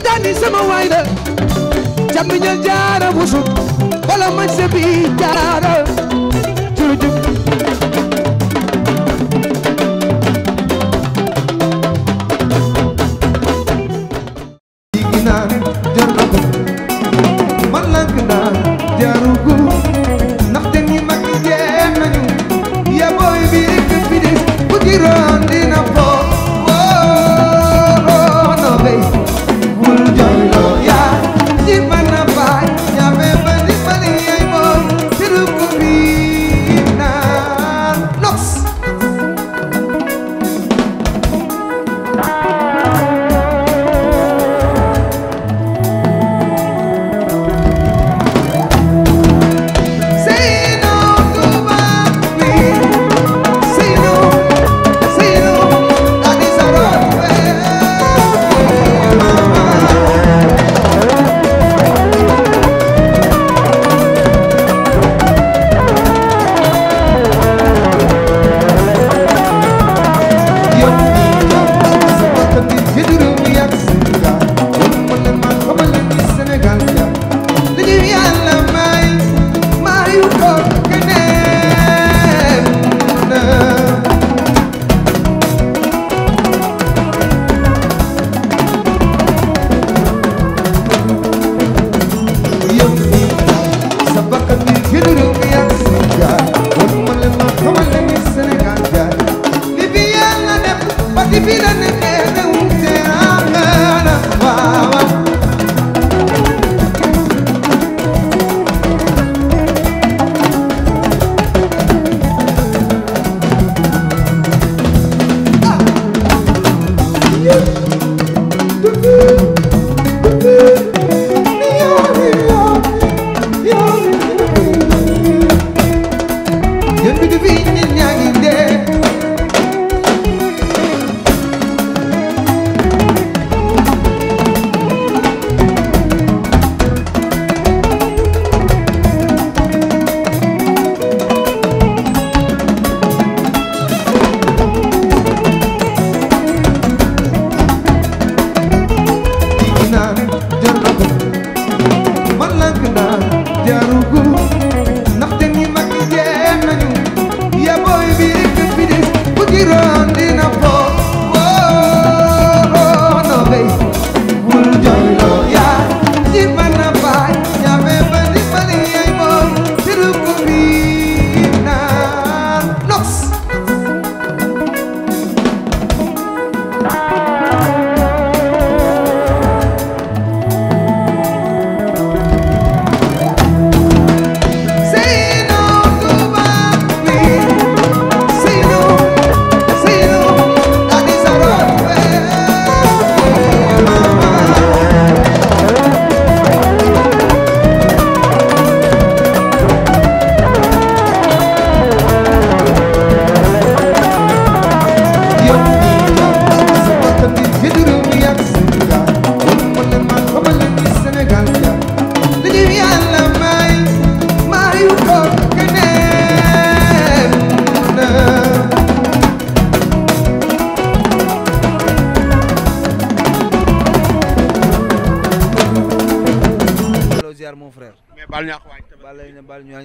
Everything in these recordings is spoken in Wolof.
tijani sama waay la jàmm ñal jaara busuk wala man se bi jaara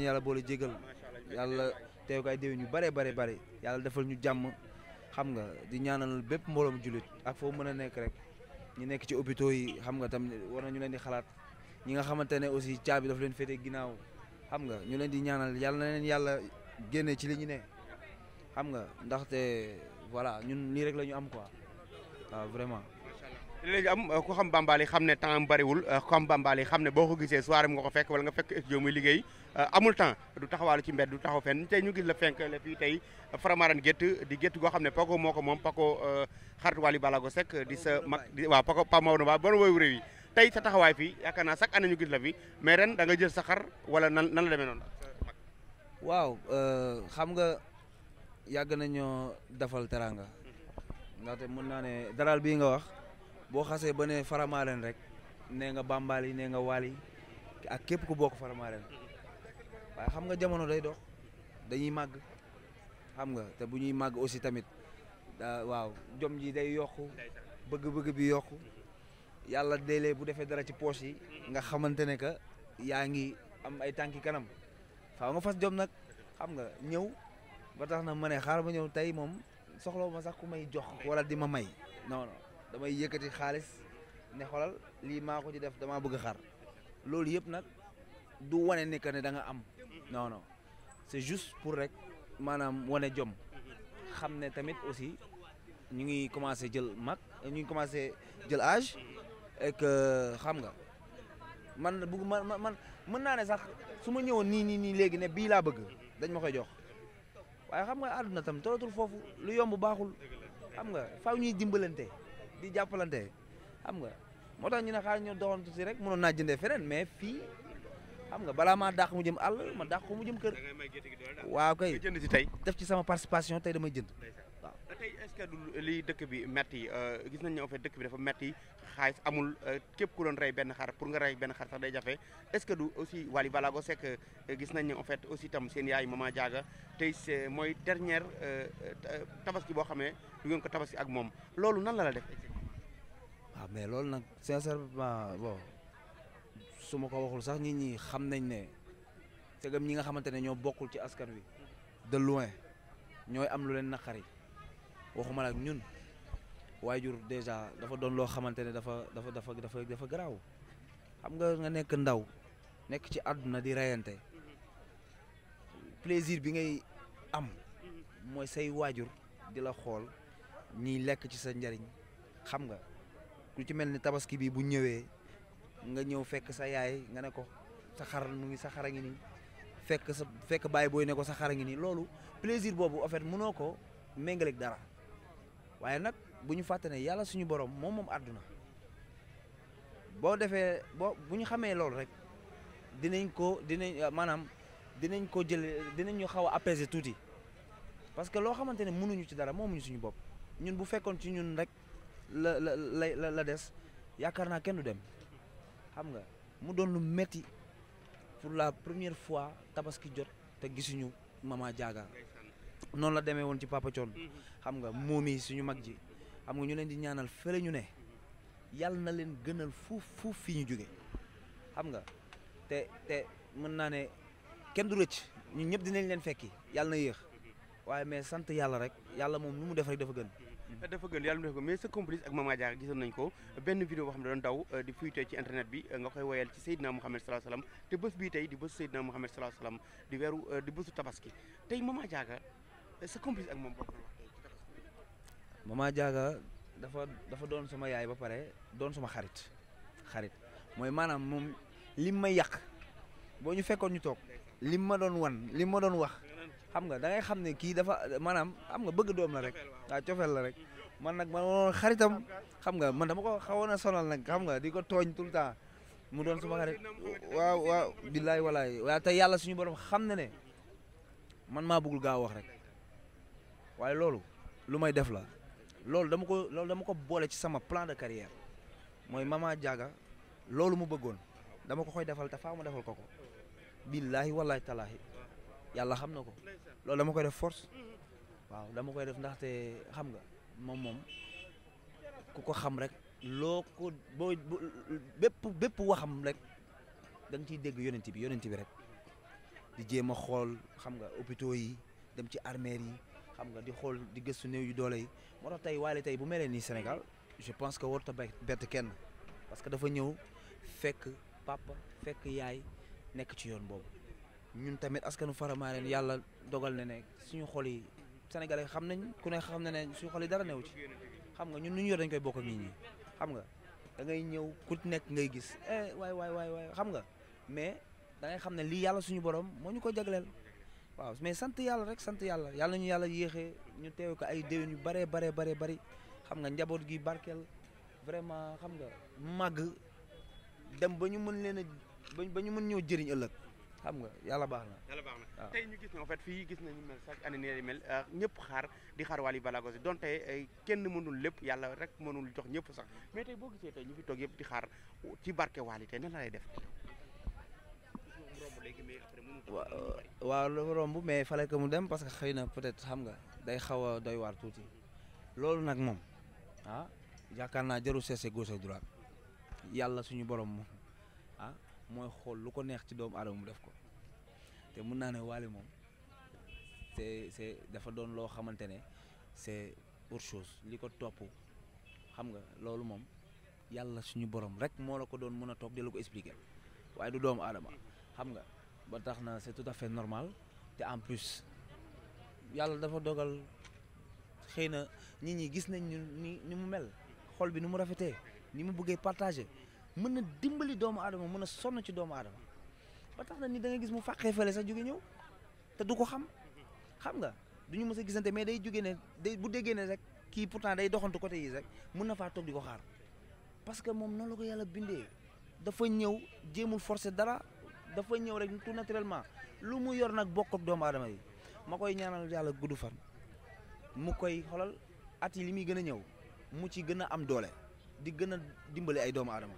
yàlla boole jégal yàlla teew ko ay déwén yu bare bare bare yàlla defal ñu jàmm xam nga di ñaanal bépp mbooloom jullit ak foo mën a nekk rek ñu nekk ci hôpitaux yi xam nga tam war ñu leen di xalaat ñi nga xamante ne aussi caabi daf leen féete ginnaaw xam nga ñu leen di ñaanal yàlla na leen yàlla génne ci li ñu ne xam nga ndaxte voilà ñun lii rek lañu am quoi waaw léegi am euh, ku xam Bambaali xam ne temps bariwul euh, ku xam Bambaali xam ne boo ko gisee soirée mu nga ko fekk wala nga fekk studio muy liggéey euh, amul temps du taxawaalu ci mbedd du taxaw fenn tey ñu gis la fenk la fii tey Faramaran di gétt goo xam ne Paco moo moom Paco xarit Wally Ballago Seck di sa mag waaw Paco Pa Maodo Ba bon woowu réew yi tey sa taxawaay fii yaakaar naa chaque année ñu gis la fi mais ren da nga jël sa xar wala na nan la demee noonu waaw xam nga yàgg nañoo defal teranga ndaxte mën naa ne daral bii nga wax boo xasee ba ne faramaaren rek nee nga bàmbaali nee nga waali ak képp ku bokk faramaaren waaye xam nga jamono day dox dañuy màgg xam nga te bu ñuy màgg aussi tamit waaw jom ji day yokk bëgg-bëgg bi yokk yàlla déelee bu defee dara ci poche yi nga xamante ne que yaa ngi am ay tànki kanam faaw nga fas jom nag xam nga ñëw ba tax na ma ne xaar ba ñëw tey moom soxlaw ma sax ku may jox wala di ma may non non damay yëkkati xaalis ne xolal lii maa ko ci def damaa bëgg xar loolu yëpp nag du wane ne que ne danga am non non c'est juste pour rek maanaam wane jom xam ne tamit aussi ñu ngi commencé jël mag ñu ngi commencé jël âge et que xam nga man bëgg man man mën naa ne sax su ma ñëwoon nii nii nii léegi ne bii laa bëgg dañ ma koy jox waaye xam nga àdduna tam tolatul foofu lu yomb baaxul xam nga faaw ñuy dimbalante di jàppalante xam nga moo tax ñu ne xaar ñu doxantu si rek mënoon naa jëndee feneen mais fii xam nga balaa maa dàq mu jëm àll ma dàq ko mu jëm kër waaw kay def ci sama participation tey dama jënd waaw tey ce que du li dëkk bi metti euh, gis nañ ne en dëkk bi dafa metti xaalis amul euh, képp ku doon rey benn xar pour nga rey benn xar day jafe est-ce que du aussi Wally Ballago Seck euh, gis nañ ne en fait aussi tam seen yaay Mama Diaga tey mooy dernière tabaski boo xamee du ngeen ko tabaski ak moom loolu nan la la ah, mais loolu nag sincèrement bon su ma ko waxul sax nit ñi xam nañ ne segam ñi nga xamante ne ñoo bokkul ci askan wi de loin ñooy am lu leen naqari waxuma la ak ñun waajur dèjà dafa doon loo xamante ne dafa dafa dafa dafa dafa garaaw xam nga nga nekk ndaw nekk ci àdduna di reyante plaisir bi ngay am mooy say waajur di la xool ñiy lekk ci sa njariñ xam nga ku ci mel ni tabaski bi bu ñëwee nga ñëw fekk sa yaay nga ne ko sa xaral mu ngi sa xar ngi nii fekk sa fekk bàyyi booy ne sa xar ngi nii loolu plaisir boobu en fait mënoo ko méngaleeg dara waaye nag bu ñu fàtte ne yàlla suñu borom moom moom adduna boo defee boo bu ñu xamee loolu rek dinañ ko dinañ euh, maanaam dinañ ko jëlee dinañ ñu xaw a apaiser tuuti parce que loo xamante ne mënuñu ci dara moomuñu suñu bopp ñun bu fekkoon ci ñun rek la la la la des yaakaar naa kenn du dem xam nga mu doon lu metti pour la première fois tabaski jot te gisuñu mama jaaga noonu la demee woon ci Papa Thion mhm. xam nga moom yi suñu mag ji xam nga ñu leen di ñaanal fële ñu ne yàlla na leen gënal fuuf fuuf fii ñu jóge xam nga te te mën naa ne kenn du rëcc ñun ñëpp dinañ leen fekki yàlla na yéex waaye mais sant yàlla rek yàlla moom lu mu def rek dafa gën. dafa gën yàlla mu def ko mais sa complice ak Mama Diarra gisoon nañ ko benn vidéo boo xam ne doon daw euh, di fuité ci internet bi euh, nga koy woyal ci Seydina Mouhamed salaa salaam te bés bii tey di bésu Seydina Mouhamed salaa salaam di weeru euh, di bésu tabaski tey Mama Diarra sa complice ak moom bokk dafa dafa doon sama yaay ba pare doon sama xarit xarit mooy maanaam moom lim ma yàq boo ñu fekkoon ñu toog lim ma doon wan lim ma doon wax xam nga da ngay xam ne kii dafa maanaam xam nga bëgg doom la rek waaw cofeel la rek man nag ma woon xaritam xam nga man dama ko xawoon a sonal nag xam nga di ko tooñ tout le mu doon sama xarit waaw waaw billaay walaay waaw te yàlla suñu borom xam na ne man maa bëggul gaaw wax rek waaye loolu lu may def la loolu dama ko loolu dama ko boole ci sama plan de carrière mooy maa Diaga loolu mu bëggoon dama ko koy defal te faa mu defal ko ko billaahi wallaahi talaahi yàlla xam na ko loolu dama koy def force waaw dama koy def ndaxte xam nga moom moom ku ko xam rek loo ko boo bépp bépp waxam rek da ci dégg yonent bi yonent bi rek di jéem a xool xam nga hôpitaux yi dem ci armée yi xam nga di xool di gëstu néew yu doole yi moo tax tey Wally tey bu melee nii Sénégal je pense que warut a bett kenn parce que dafa ñëw fekk papa fekk yaay nekk ci yoon boobu ñun tamit askanu Faramareen yàlla dogal na ne suñu xol yi sénégalais xam nañ ku ne xam na ne suñu xol dara new ci xam nga ñun nu ñu yor dañ koy bokk ak nit ñi xam nga dangay ñëw ku nekk ngay gis eh waay waay waay waay xam nga mais da ngay xam ne lii yàlla suñu borom moo ñu ko jagleel. waaw mais sant yàlla rek sant yàlla yàlla ñu yàlla yéexee ñu teew ko ay déwén yu baree bare baree bëri xam nga njaboot gi barkeel vraiment xam nga màgg dem ba ñu mën leen a ba ñu mën ñëw jëriñ ëllëg xam nga yàlla baax na. yàlla baax na tey ñu gis ne en fait fii gis nañu mel chaque année nii mel euh, ñëpp xaar di xaar Wally Ballago Seck donte euh, kenn mënul lépp yàlla rek mënul jox ñëpp sax mais tey boo gisee tey ñu fi toog yëpp di xaar ci barke Wally tey nan la lay def. waaw dafa romb mais fallait que mu dem parce que xëy na peut-être xam nga day xaw a doy waar tuuti loolu nag moom ah yaakaar naa jarul cesse gauche ak droite yàlla suñu borom moom ah mooy xool lu ko neex ci doomu aadama mu def ko te mun naa ne Wally moom c'est c'est dafa doon loo xamante ne c'est autre chose li ko topp xam nga loolu moom yàlla suñu borom rek moo la ko doon mën a toog di la ko expliquer waaye du doomu aadama xam nga. ba tax na c'est tout à fait normal te en plus yàlla dafa dogal xëy na nit ñi gis nañ ni ni mu mel xol bi ni mu rafetee ni mu buggee partagé mën na dimbali doomu aadama mën a sonn ci doomu aadama ba tax na ni da gis mu fàqee fële sax jóge ñëw te du ko xam xam nga du ñu mës a gisante mais day jóge ne day bu déggee ne rek kii pourtant day doxantu côté yi rek mun na faa toog di ko xaar parce que moom noonu la ko yàlla bindee dafa ñëw jéemul forcer dara. dafa ñëw rek tout naturellement lu mu yor nag bokk doomu aadama yi ma koy ñaanal yàlla gudd fan mu koy xolal at yi li muy gën a ñëw mu ci gën a am doole di gën a dimbali ay doomu aadama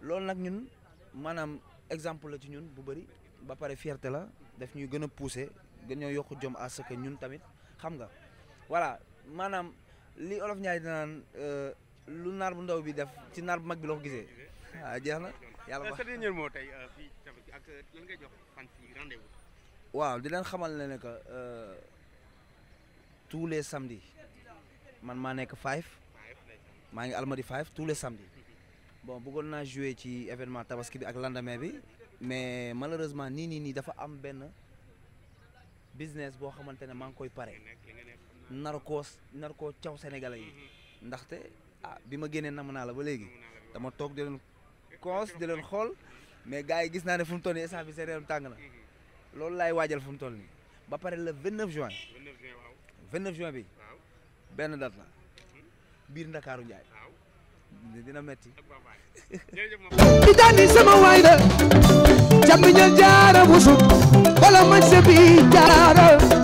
loolu nag ñun maanaam exemple la ci ñun bu bëri ba pare fierté la def ñuy gën a poussé gën yokk jom à que ñun tamit xam nga voilà maanaam li olof Ndiaye danaan euh, lu naar bu ndaw bi def ci naar bu mag bi loo ko gisee. waaw ah, jeex na yàlla euh, ba. ak euh, waaw di leen xamal na ne que euh, tous les samedis man maa nekk five maa ngi almadi five tous les samedis bon buggoon naa jouer ci événement tabaski bi ak lendemain bi mais malheureusement nii nii nii dafa am benn business boo xamante ne maa ngi koy pare nar koo nar koo caw sénégal yi ndaxte ah bi ma génnee nam naa la ba léegi dama toog di leen koos di leen xool mais gars yi gis naa ne fu mu toll nii instant bi seen réew tàng na loolu laay waajal fu mu toll nii ba pare le 29 juin 29 juin bi benn date la biir Ndakaaru Njaay dina metti di daani sama waay da jàmmiñal jaara busu wala mañ se jaara